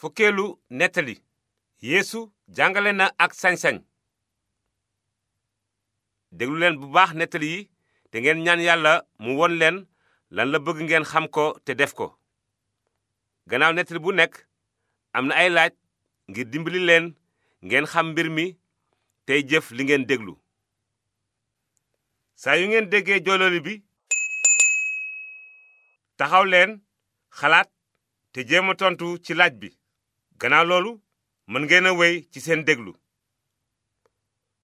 fukkeelu nettali yéesu jàngale na ak sañ-sañ leen bu baax nettali yi te ngeen ñaan yàlla mu won leen lan la bëgg ngeen xam ko te def ko gannaaw nettali bu nekk am na ay laaj ngir dimbali leen ngeen xam mbir mi tey jëf li ngeen déglu saa yu ngeen déggee joololi bi taxaw leen xalaat te jéem a tontu ci laaj bi gannaaw loolu mën ngeen a wéy ci seen déglu